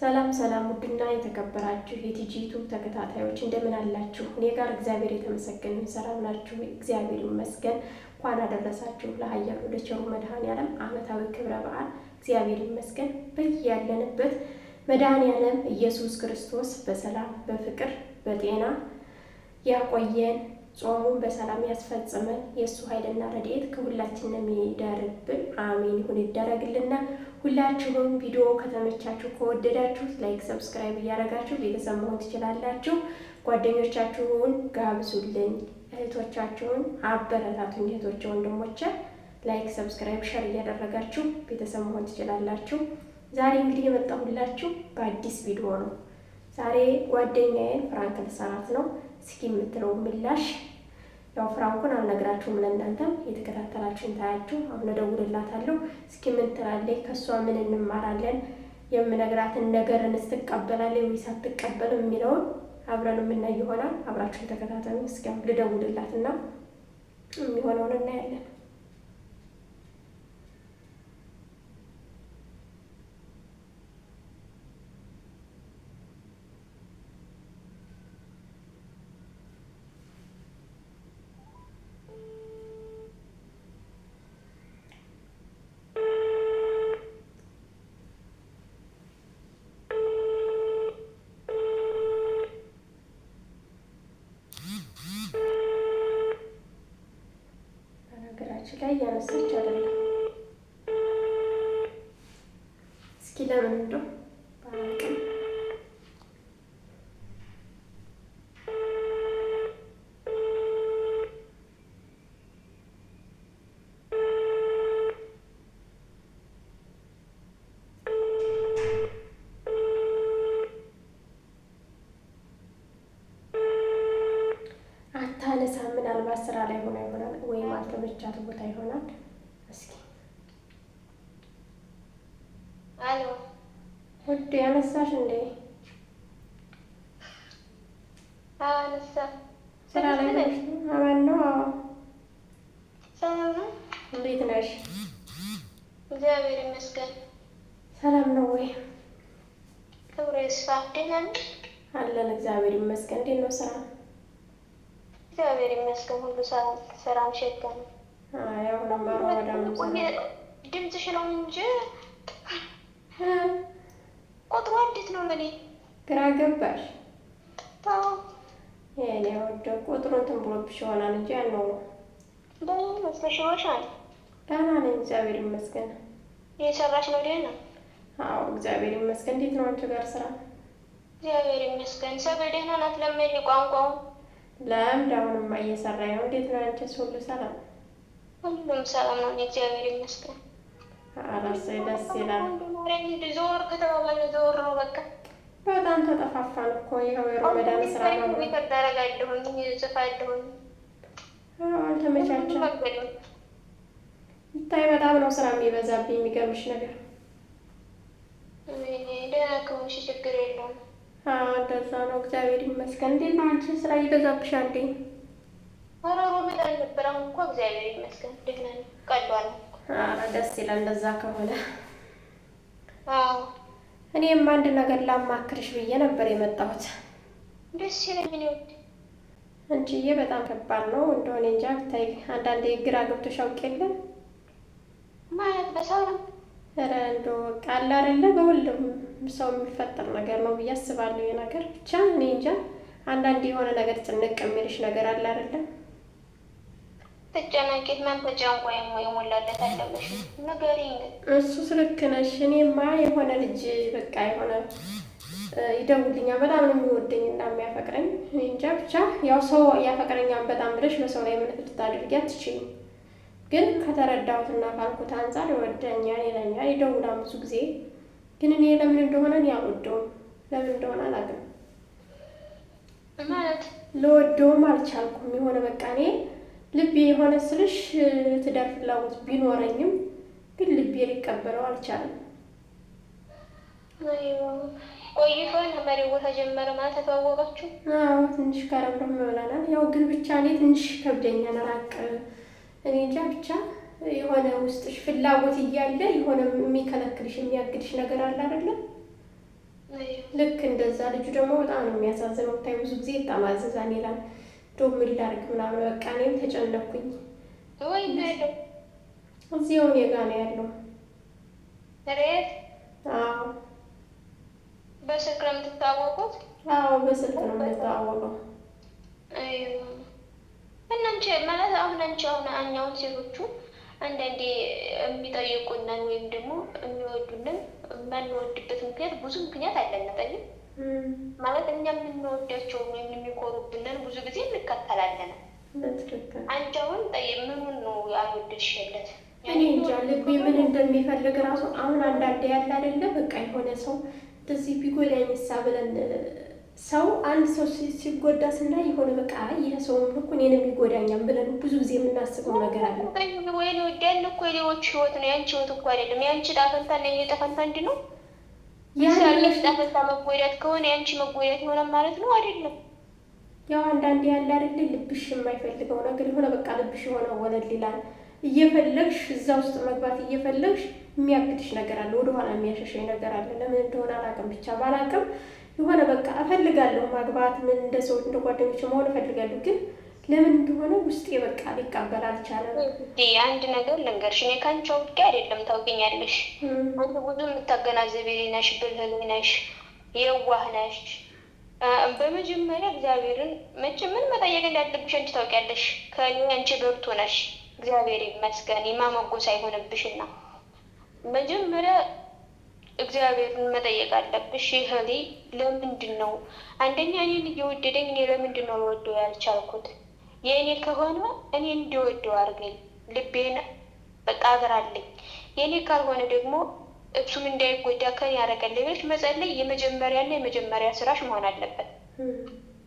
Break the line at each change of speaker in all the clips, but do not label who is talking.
ሰላም ሰላም ውድና የተከበራችሁ የቲጂቱ ተከታታዮች እንደምን አላችሁ? እኔ ጋር እግዚአብሔር የተመሰገነ ሰላም ናችሁ። እግዚአብሔር ይመስገን። እንኳን አደረሳችሁ ለኃያሉ ለቸሩ መድኃኔዓለም ዓመታዊ ክብረ በዓል። እግዚአብሔር ይመስገን። በያለንበት መድኃኔዓለም ኢየሱስ ክርስቶስ በሰላም በፍቅር በጤና ያቆየን፣ ጾሙን በሰላም ያስፈጽመን። የእሱ ኃይልና ረድኤት ከሁላችንም ይደርብን። አሜን። ይሁን ይደረግልና ሁላችሁም ቪዲዮ ከተመቻችሁ ከወደዳችሁት ላይክ፣ ሰብስክራይብ እያደረጋችሁ ቤተሰብ መሆን ትችላላችሁ። ጓደኞቻችሁን ጋብዙልኝ፣ እህቶቻችሁን አበረታቱኝ። እህቶች ወንድሞቼ፣ ላይክ፣ ሰብስክራይብ፣ ሸር እያደረጋችሁ ቤተሰብ መሆን ትችላላችሁ። ዛሬ እንግዲህ የመጣሁላችሁ በአዲስ ቪዲዮ ነው። ዛሬ ጓደኛዬን ፍራንክ ልሰራት ነው። እስኪ የምትለው ምላሽ ያው ፍራንኩን አልነግራችሁም ለእናንተም የተከታተላችሁን ታያችሁ። አሁን እደውልላታለሁ። እስኪ ምን ትላለች፣ ከእሷ ምን እንማራለን፣ የምነግራትን ነገርን ስትቀበላለች ወይስ አትቀበልም የሚለውን አብረን የምናይ ይሆናል። አብራችሁን ተከታተሉ። እስኪ ልደውልላትና የሚሆነውን እናያለን። ላይ እያነሳች አይደለም። እስኪ ለምን እንደው ብርድ ያነሳሽ እንዴ? ስራ ላይ ነሽ? አማን ነው። ሰላም ነው። እንዴት ነሽ?
እግዚአብሔር ይመስገን።
ሰላም ነው ወይ?
ክብሩ ይስፋ። ደህና ነሽ?
አለን እግዚአብሔር ይመስገን። እንዴት ነው ስራ?
እግዚአብሔር ይመስገን ሁሉ ሰላም። ስራም ሸጋን
ያው ነበረ ወደ
ድምፅሽ ነው እንጂ ቁጥሩ እንዴት ነው? ለኔ
ግራ ገባሽ። የኔ ወደ ቁጥሩ እንትን ብሎብሽ ይሆናል እንጂ ያነው
ለኔ መስለሽዋሻል።
ደህና ነኝ እግዚአብሔር ይመስገን።
እየሰራሽ ነው ደህና?
አዎ እግዚአብሔር ይመስገን። እንዴት ነው አንቺ ጋር ስራ?
እግዚአብሔር ይመስገን። ሰበይ ደህና ናት? ለምድ ቋንቋው
ለምድ አሁንማ እየሰራ ነው። እንዴት ነው አንቺስ? ሁሉ ሰላም?
ሁሉም ሰላም ነው እግዚአብሔር ይመስገን።
አራሴ ደስ ይላል።
ዞር ከተባባለ ዞር ነው በቃ።
በጣም ተጠፋፋን እኮ ይኸው የረመዳን ስራ ነው።
ተደረጋለሁኝ ጽፋለሁኝ
አልተመቻቸም። ይታይ በጣም ነው ስራ የሚበዛብኝ የሚገርምሽ ነገር
ደህና ከሆንሽ ችግር የለውም።
እንደዛ ነው። እግዚአብሔር ይመስገን። እንዴት ነው አንቺ ስራ ይበዛብሻ እንዴ?
ኧረ ሮብን አልነበረ አሁን እኮ እግዚአብሔር ይመስገን ደህና ነው፣ ቀሏል።
ደስ ይላል እንደዛ ከሆነ አዎ እኔም አንድ ነገር ላማክርሽ ብዬ ነበር የመጣሁት።
ደስ ይለኝ ውድ
እንጂዬ፣ በጣም ከባድ ነው እንደሆነ እንጃ። ብታይ አንዳንዴ ግራ ገብቶሽ አውቅ የለም
ማለት በሰው
ኧረ እንደው ቃል አይደለ በሁሉም ሰው የሚፈጠር ነገር ነው ብዬ አስባለሁ። የነገር ብቻ እኔ እንጃ አንዳንዴ የሆነ ነገር ጭንቅ የሚልሽ ነገር አለ አይደለም
ትጨነቂት ምን ተጨንቆ የሞላለት አለብሽ ንገሪኝ።
እሱስ ልክ ነሽ። እኔማ የሆነ ልጅ በቃ የሆነ ይደውልኛል በጣም ነው የሚወደኝ እና የሚያፈቅረኝ። እንጃ ብቻ ያው ሰው ያፈቅረኛል በጣም ብለሽ በሰው ላይ ምን ልታደርጊ አትችይም። ግን ከተረዳሁትና ካልኩት አንጻር ይወደኛል ይለኛል፣ ይደውላል ብዙ ጊዜ። ግን እኔ ለምን እንደሆነ እኔ አልወደውም። ለምን እንደሆነ አላውቅም ማለት ለወደውም አልቻልኩም። የሆነ በቃ እኔ ልቤ የሆነ ስልሽ ትዳር ፍላጎት ቢኖረኝም ግን ልቤ ሊቀበለው አልቻለም።
ቆይቶ ቆይቷል ቦታ ተጀመረ ማለት ተተዋወቃችሁ?
አዎ ትንሽ ከረብረም ብለናል። ያው ግን ብቻ እኔ ትንሽ ከብደኛል። ራቅ እኔ እንጃ ብቻ የሆነ ውስጥሽ ፍላጎት እያለ የሆነ የሚከለክልሽ የሚያግድሽ ነገር አለ አይደለም? ልክ እንደዛ ልጁ ደግሞ በጣም ነው የሚያሳዝነው። ብታይ ብዙ ጊዜ ይጠማዘዛን ይላል ዶም ምን ምናምን በቃ እኔም ተጨነኩኝ።
ወይ ያለው
እዚህ ሆኔ ጋ ነው ያለው። ሬት አዎ፣
በስልክ ነው የምትታወቁት?
አዎ፣ በስልክ ነው የምትታወቀው።
እናንቺ ማለት አሁን አንቺ አሁን አኛውን ሴቶቹ አንዳንዴ የሚጠይቁናን ወይም ደግሞ የሚወዱንን የማንወድበት ምክንያት ብዙ ምክንያት አለን። ጠይቅ ማለት እኛ የምንወዳቸው ወይም የሚኮሩብንን ብዙ ጊዜ እንከተላለን። አንቺ አሁን ምኑን ነው አልወደድሽለት?
እኔ እንጃ ልቤ ምን እንደሚፈልግ ራሱ አሁን አንዳንዴ ያለ አይደለ በቃ የሆነ ሰው እንደዚህ ቢጎዳ እሳ ብለን ሰው አንድ ሰው ሲጎዳ ስናይ የሆነ በቃ ይህ ሰው እኮ እኔንም ይጎዳኛል ብለን ብዙ ጊዜ የምናስበው ነገር አለ።
ወይ ወዳን እኮ የሌሎች ህይወት ነው፣ የአንቺ ህይወት እኮ አይደለም። የአንቺ ጣፈንታ ና የጠፈንታ እንዲ ነው ያለሽ መጎዳት ከሆነ የአንቺ መጎዳት የሆነ ማለት ነው አይደለም?
ያው አንዳንዴ ያለ አይደል ልብሽ የማይፈልገው ነገር የሆነ በቃ ልብሽ የሆነ ወለል ይላል። እየፈለግሽ እዛ ውስጥ መግባት እየፈለግሽ የሚያግድሽ ነገር አለ፣ ወደኋላ የሚያሸሸኝ ነገር አለ። ለምን እንደሆነ አላውቅም፣ ብቻ ባላውቅም የሆነ በቃ እፈልጋለሁ ማግባት ምን እንደ ሰዎች እንደ ጓደኞች መሆን እፈልጋለሁ ግን ለምን እንደሆነ ውስጤ በቃ ሊቀበል አልቻለም።
አንድ ነገር ልንገርሽ፣ እኔ ከአንቺ ውጭ አይደለም ታውቂኛለሽ። አንቺ ብዙ የምታገናዘብ ነሽ፣ ብልህል ነሽ፣ የዋህ ነሽ። በመጀመሪያ እግዚአብሔርን መቼ ምን መጠየቅ እንዳለብሽ አንቺ ታውቂያለሽ። ከኔ አንቺ ብርቱ ነሽ፣ እግዚአብሔር ይመስገን። የማመጎስ አይሆንብሽና መጀመሪያ እግዚአብሔርን መጠየቅ አለብሽ። ይህ ለምንድን ነው አንደኛ እኔን እየወደደኝ እኔ ለምንድን ነው ወዶ ያልቻልኩት? የእኔ ከሆነ እኔ እንዲወደው አድርገኝ፣ ልቤን በቃ አብራልኝ። የእኔ ካልሆነ ደግሞ እሱም እንዳይጎዳ ከኔ ያደረገልኝ ብለሽ መጸለይ የመጀመሪያና የመጀመሪያ ስራሽ መሆን አለበት።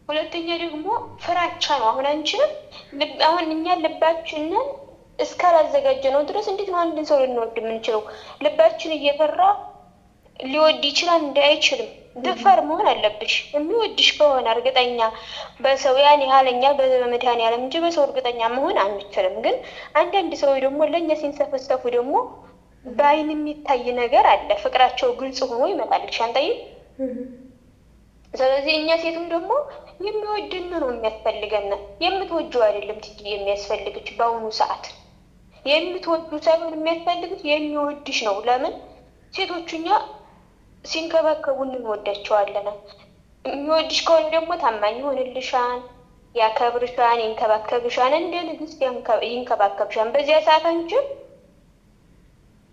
ሁለተኛ ደግሞ ፍራቻ ነው። አሁን አንችልም። አሁን እኛ ልባችንን እስካላዘጋጀ ነው ድረስ እንዴት ነው አንድን ሰው ልንወድ የምንችለው? ልባችን እየፈራ ሊወድ ይችላል እንደ አይችልም ድፈር መሆን አለብሽ። የሚወድሽ ከሆነ እርግጠኛ በሰው ያን ያህል እኛ በመድኃኒዓለም እንጂ በሰው እርግጠኛ መሆን አንችልም። ግን አንዳንድ ሰው ደግሞ ለእኛ ሲንሰፈሰፉ ደግሞ በአይን የሚታይ ነገር አለ። ፍቅራቸው ግልጽ ሆኖ ይመጣል። ሻንጠይ ስለዚህ እኛ ሴቱም ደግሞ የሚወድን ነው የሚያስፈልገን። የምትወጁ አይደለም ትጅ የሚያስፈልግች በአሁኑ ሰዓት የምትወዱ ሳይሆን የሚያስፈልግች የሚወድሽ ነው። ለምን ሴቶቹኛ ሲንከባከቡ እንወዳቸዋለን። የሚወድሽ ከሆነ ደግሞ ታማኝ ይሆንልሻል፣ ያከብርሻን፣ ይንከባከብሻን፣ እንደ ንግስት ይንከባከብሻን። በዚያ ሰዓት አንቺም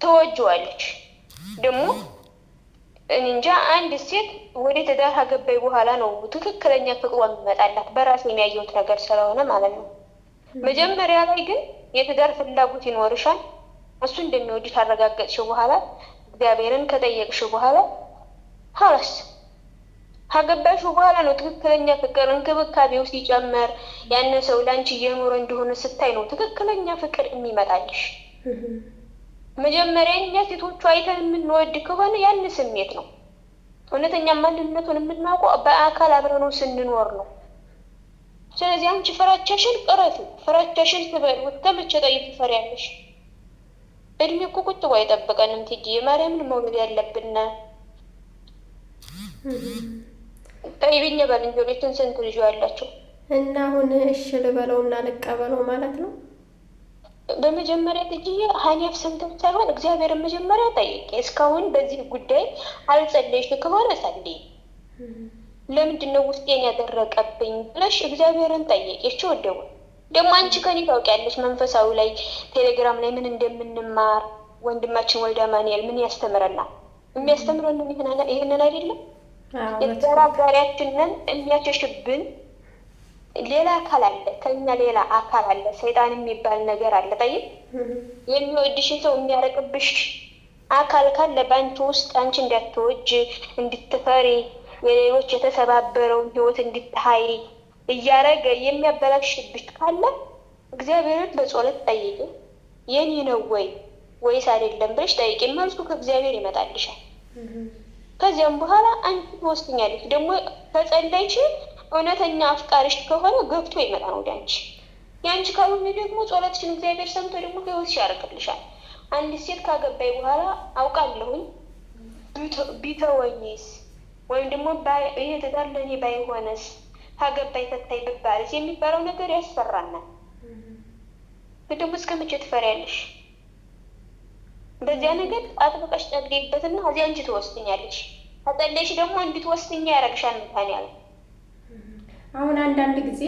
ትወጅዋለች። ደግሞ እንጃ አንድ ሴት ወደ ትዳር ካገባች በኋላ ነው ትክክለኛ ፍቅሯ የሚመጣላት። በራሴ የሚያየሁት ነገር ስለሆነ ማለት ነው። መጀመሪያ ላይ ግን የትዳር ፍላጎት ይኖርሻል። እሱ እንደሚወድሽ አረጋገጥሽ በኋላ እግዚአብሔርን ከጠየቅሽው በኋላ ሀላስ ካገባሽው በኋላ ነው ትክክለኛ ፍቅር እንክብካቤው ሲጨመር ያን ሰው ለአንቺ እየኖረ እንደሆነ ስታይ ነው ትክክለኛ ፍቅር የሚመጣልሽ። መጀመሪያ እኛ ሴቶቹ አይተን የምንወድ ከሆነ ያን ስሜት ነው። እውነተኛ ማንነቱን የምናውቀው በአካል አብረነው ስንኖር ነው። ስለዚህ አንቺ ፍራቻሽን ቅረቱ፣ ፍራቻሽን ትበል ከመቼ ጠይቅ እድሜ እኮ ቁጭ ብሎ አይጠብቀንም። ትጂ የማርያምን መውለድ ያለብን ጠይብኛ ባልንጀሮችን ስንት ልጅ አላቸው
እና አሁን እሽ ልበለው እና ልቀበለው ማለት ነው።
በመጀመሪያ ትጂ ሀኒያፍ ስንትም ሳይሆን እግዚአብሔርን መጀመሪያ ጠይቄ እስካሁን በዚህ ጉዳይ አልጸለይሽ ከሆነ ጸልይ። ለምንድን ነው ውስጤን ያደረቀብኝ ብለሽ እግዚአብሔርን ጠየቄች ወደቡ ደግሞ አንቺ ከኔ ታውቂያለሽ መንፈሳዊ ላይ ቴሌግራም ላይ ምን እንደምንማር ወንድማችን ወልደ ማንኤል ምን ያስተምረናል? የሚያስተምረን ይህንን አይደለም። የትዳር አጋሪያችንን የሚያሸሽብን ሌላ አካል አለ፣ ከኛ ሌላ አካል አለ። ሰይጣን የሚባል ነገር አለ። ጠይቅ የሚወድሽን ሰው የሚያረቅብሽ አካል ካለ በአንቺ ውስጥ አንቺ እንዳትወጅ እንድትፈሪ፣ የሌሎች የተሰባበረውን ህይወት እንድታይ እያረገ የሚያበላሽብሽ ካለ እግዚአብሔርን በጸሎት ጠይቂ። የኔ ነው ወይ ወይስ አይደለም ብለሽ ጠይቂ። መልሱ ከእግዚአብሔር ይመጣልሻል። ከዚያም በኋላ አንቺ ትወስኛለች። ደግሞ ከጸለይሽ እውነተኛ አፍቃሪሽ ከሆነ ገብቶ ይመጣ ወደ አንቺ። የአንቺ ካልሆነ ደግሞ ጸሎትሽን እግዚአብሔር ሰምቶ ደግሞ ህይወትሽ ያርቅልሻል። አንዲት ሴት ካገባይ በኋላ አውቃለሁኝ ቢተወኝስ ወይም ደግሞ ይሄ ትዳር ለእኔ ባይሆነስ ሀገባይ ፈታይ ብባልሽ የሚባለው ነገር ያስፈራናል። ግን ደግሞ እስከ መቼ ትፈሪያለሽ? በዚያ ነገር አጥብቀሽ ጠግቤበትና እዚያ አንቺ ትወስድኛለሽ። ተጠለሽ ደግሞ እንድትወስድኛ ያረግሻል ምታን ያለ
አሁን አንዳንድ ጊዜ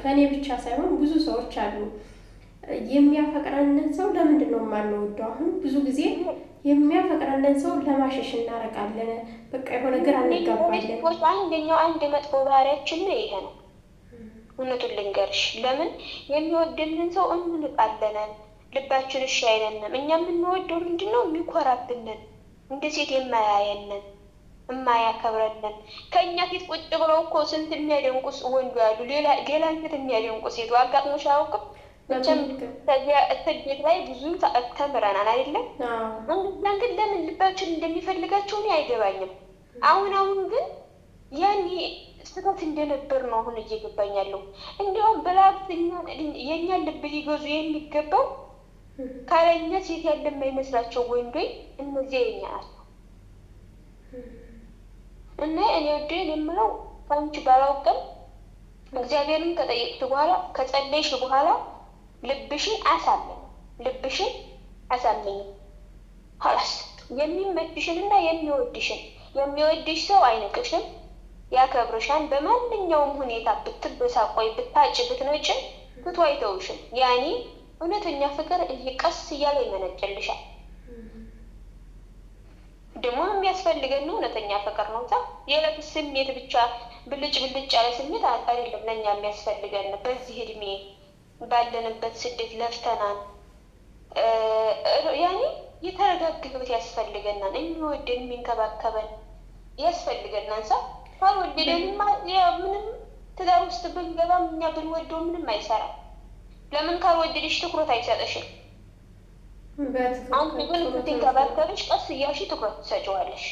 ከእኔ ብቻ ሳይሆን ብዙ ሰዎች አሉ የሚያፈቅረንን ሰው ለምንድን ነው የማንወደው? አሁን ብዙ ጊዜ የሚያፈቅረንን ሰው ለማሸሽ እናረቃለን። በቃ የሆነ ግራ እንጋባለን።
አንደኛው አንድ መጥፎ ባህሪያችን ነው ይሄ ነው። እውነቱን ልንገርሽ፣ ለምን የሚወድልን ሰው እንንቃለንን፣ ልባችን እሺ አይለንም። እኛ የምንወደው ምንድን ነው? የሚኮራብንን፣ እንደ ሴት የማያየንን፣ የማያከብረንን ከእኛ ፊት ቁጭ ብለው እኮ ስንት የሚያደንቁስ ወንዱ ያሉ ሌላ ፊት የሚያደንቁ ሴቱ አጋጥሞሽ አያውቅም? ከዚያ እስር ላይ ብዙ ተምረናል አይደለም። እንግዛን ግን ለምን ልባችን እንደሚፈልጋቸው እኔ አይገባኝም። አሁን አሁን ግን ያኔ ስህተት እንደነበር ነው አሁን እየገባኝ ያለው። እንዲሁም በላብ የእኛን ልብ ሊገዙ የሚገባው ካለኛ ሴት ያለ የማይመስላቸው ወንዶች እነዚያ የኛ ናቸው። እና እኔ ወደን የምለው ባንቺ ባላውቅም እግዚአብሔርን ከጠየቅሽ በኋላ ከጸለይሽ በኋላ ልብሽን አሳመኝ ልብሽን አሳመኝ ሀላስ እና የሚወድሽን የሚወድሽ ሰው አይነቅሽም፣ ያከብርሻን። በማንኛውም ሁኔታ ብትበሳቆይ፣ ብታጭ፣ ብትነጭ፣ ብቱ አይተውሽም። ያኔ እውነተኛ ፍቅር ቀስ እያለ ይመነጨልሻል። ደግሞ የሚያስፈልገን እውነተኛ ፍቅር ነው። ዛ የዕለት ስሜት ብቻ ብልጭ ብልጭ ያለ ስሜት አይደለም ለእኛ የሚያስፈልገን በዚህ እድሜ ባለንበት ስደት ለፍተናል። ያኔ የተረጋጋ ህይወት ያስፈልገናል። የሚወደን የሚንከባከበን ያስፈልገናል። ሰው ካልወደደንማ ምንም ትዳር ውስጥ ብንገባም እኛ ብንወደው ምንም አይሰራም። ለምን ካልወደደሽ ትኩረት አይሰጥሽም። አንድ ግን ብትንከባከብሽ ቀስ እያልሽ ትኩረት ትሰጪዋለሽ።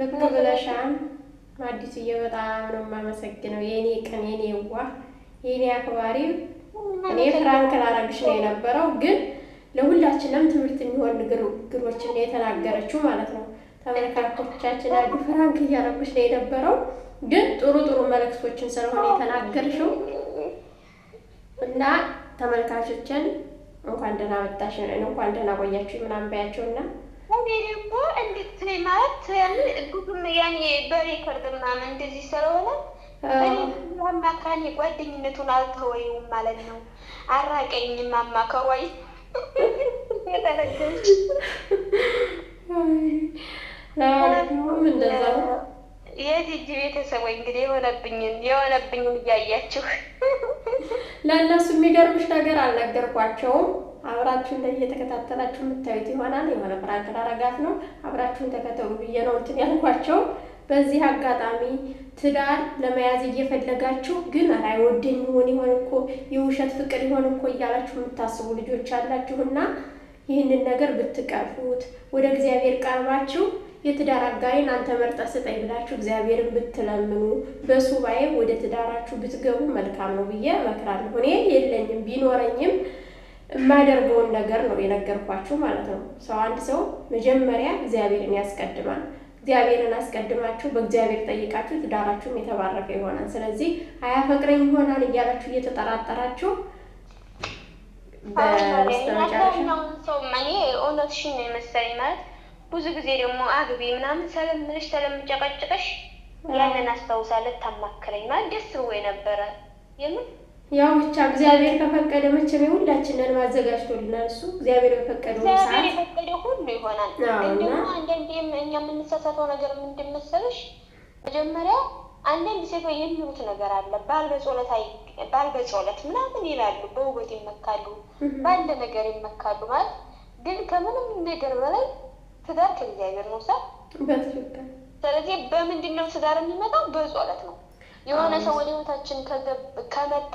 ልክ ነው ብለሻል። አዲስዬ በጣም ነው የማመሰግነው የኔ ቀን የኔ ዋ የኔ አክባሪ እኔ ፍራንክ ላረግሽ ነው የነበረው፣ ግን ለሁላችንም ትምህርት የሚሆን ንግግሮችን ነው የተናገረችው ማለት ነው። ተመልካቾቻችን አሉ ፍራንክ እያረግሽ ነው የነበረው፣
ግን ጥሩ ጥሩ መልእክቶችን ስለሆነ የተናገርሽው እና ተመልካቾችን እንኳን ደህና መጣሽ እንኳን ደህና ቆያችሁ ምናምን ባያቸው እና እኔ ደግሞ እንዴት ማለት ጉግም ያኔ በሬከርድ ምናምን እንደዚህ ስለሆነ አማካሪ ጓደኝነቱን አልተወይውም ማለት ነው። አራቀኝ ማማ ከወይ የቲጂ ቤተሰብ ወይ እንግዲህ የሆነብኝን የሆነብኝን እያያችሁ
ለእነሱ የሚገርምሽ ነገር አልነገርኳቸውም። አብራችሁ ላይ እየተከታተላችሁ የምታዩት ይሆናል። የሆነ ፕራንክ አረጋት ነው። አብራችሁን ተከተሉ ብዬ ነው እንትን ያልኳቸው። በዚህ አጋጣሚ ትዳር ለመያዝ እየፈለጋችሁ ግን አይወደኝ ይሆን ይሆን እኮ የውሸት ፍቅር ይሆን እኮ እያላችሁ የምታስቡ ልጆች አላችሁና ይህንን ነገር ብትቀርፉት ወደ እግዚአብሔር ቀርባችሁ የትዳር አጋሪን አንተ መርጠ ስጠኝ ብላችሁ እግዚአብሔርን ብትለምኑ በሱባኤ ወደ ትዳራችሁ ብትገቡ መልካም ነው ብዬ እመክራለሁ። እኔ የለኝም ቢኖረኝም የማደርገውን ነገር ነው የነገርኳችሁ ማለት ነው። ሰው አንድ ሰው መጀመሪያ እግዚአብሔርን ያስቀድማል። እግዚአብሔርን አስቀድማችሁ በእግዚአብሔር ጠይቃችሁ ትዳራችሁም የተባረከ ይሆናል። ስለዚህ አያፈቅረኝ ይሆናል እያላችሁ እየተጠራጠራችሁ
በስተመጨረሻውን ሰው እኔ እውነትሽን ነው የመሰለኝ ማለት ብዙ ጊዜ ደግሞ አግቢ ምናምን ሰለምልሽ ተለምጨቀጭቀሽ ያንን አስታውሳለት ታማክረኝ ማለት ደስ ብሎ የነበረ የምን
ያው ብቻ እግዚአብሔር ከፈቀደ መቼም ሁላችንን ማዘጋጅቶልናል። እሱ እግዚአብሔር በፈቀደው ሰዓት
የፈቀደው ሁሉ ይሆናል። ግን ደግሞ አንዳንዴም እኛ የምንሳሳተው ነገር ምንድን መሰለሽ፣ መጀመሪያ አንዳንድ ሴቷ የሚሉት ነገር አለ። ባል በጾለት ባል በጾለት ምናምን ይላሉ፣ በውበት ይመካሉ፣ ባለ ነገር ይመካሉ። ማለት ግን ከምንም ነገር በላይ ትዳር ከእግዚአብሔር ነው። ስለዚህ በምንድን ነው ትዳር የሚመጣው? በጾለት ነው የሆነ ሰው ወደ ህይወታችን ከመጣ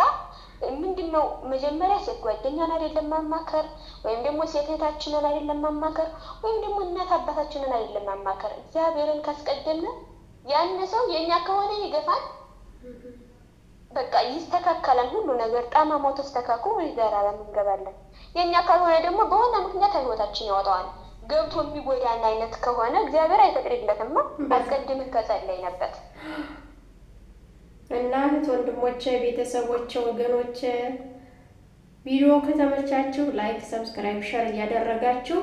ምንድን ነው መጀመሪያ ሴት ጓደኛን አይደለም ማማከር፣ ወይም ደግሞ ሴት እህታችንን አይደለም ማማከር፣ ወይም ደግሞ እናት አባታችንን አይደለም ማማከር። እግዚአብሔርን ካስቀደምን ያን ሰው የእኛ ከሆነ ይገፋል። በቃ ይስተካከላል፣ ሁሉ ነገር ጠማማው ተስተካክሎ ወደ ዘላለም እንገባለን። የእኛ ካልሆነ ደግሞ በሆነ ምክንያት ህይወታችን ያወጣዋል። ገብቶ የሚጎዳን አይነት ከሆነ እግዚአብሔር አይፈቅድለትማ። አስቀድምህ ከጸለይንበት
እናት ወንድሞች ወንድሞቼ፣ ቤተሰቦቼ፣ ወገኖቼ ቪዲዮ ከተመቻችሁ ላይክ፣ ሰብስክራይብ፣ ሸር እያደረጋችሁ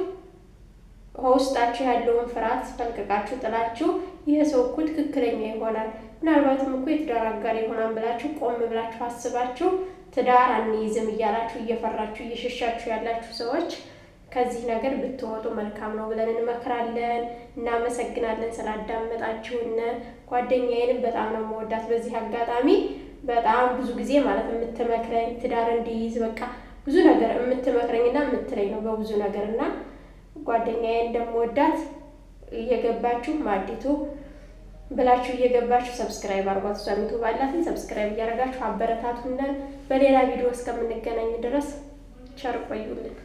ከውስጣችሁ ያለውን ፍርሃት ፈልቅቃችሁ ጥላችሁ ይህ ሰው እኮ ትክክለኛ ይሆናል ምናልባትም እኮ የትዳር አጋር ይሆናል ብላችሁ ቆም ብላችሁ አስባችሁ ትዳር አንይዝም እያላችሁ እየፈራችሁ እየሸሻችሁ ያላችሁ ሰዎች ከዚህ ነገር ብትወጡ መልካም ነው ብለን እንመክራለን። እናመሰግናለን ስላዳመጣችሁን። ጓደኛዬንም በጣም ነው መወዳት። በዚህ አጋጣሚ በጣም ብዙ ጊዜ ማለት የምትመክረኝ ትዳር እንዲይዝ በቃ ብዙ ነገር የምትመክረኝና የምትለኝ ነው በብዙ ነገር እና ጓደኛዬ እንደምወዳት እየገባችሁ ማዲቱ ብላችሁ እየገባችሁ ሰብስክራይብ አርጓት። እሷ ዩቱብ ሰብስክራይብ እያደረጋችሁ አበረታቱን። በሌላ ቪዲዮ እስከምንገናኝ ድረስ ቸር ቆዩልን።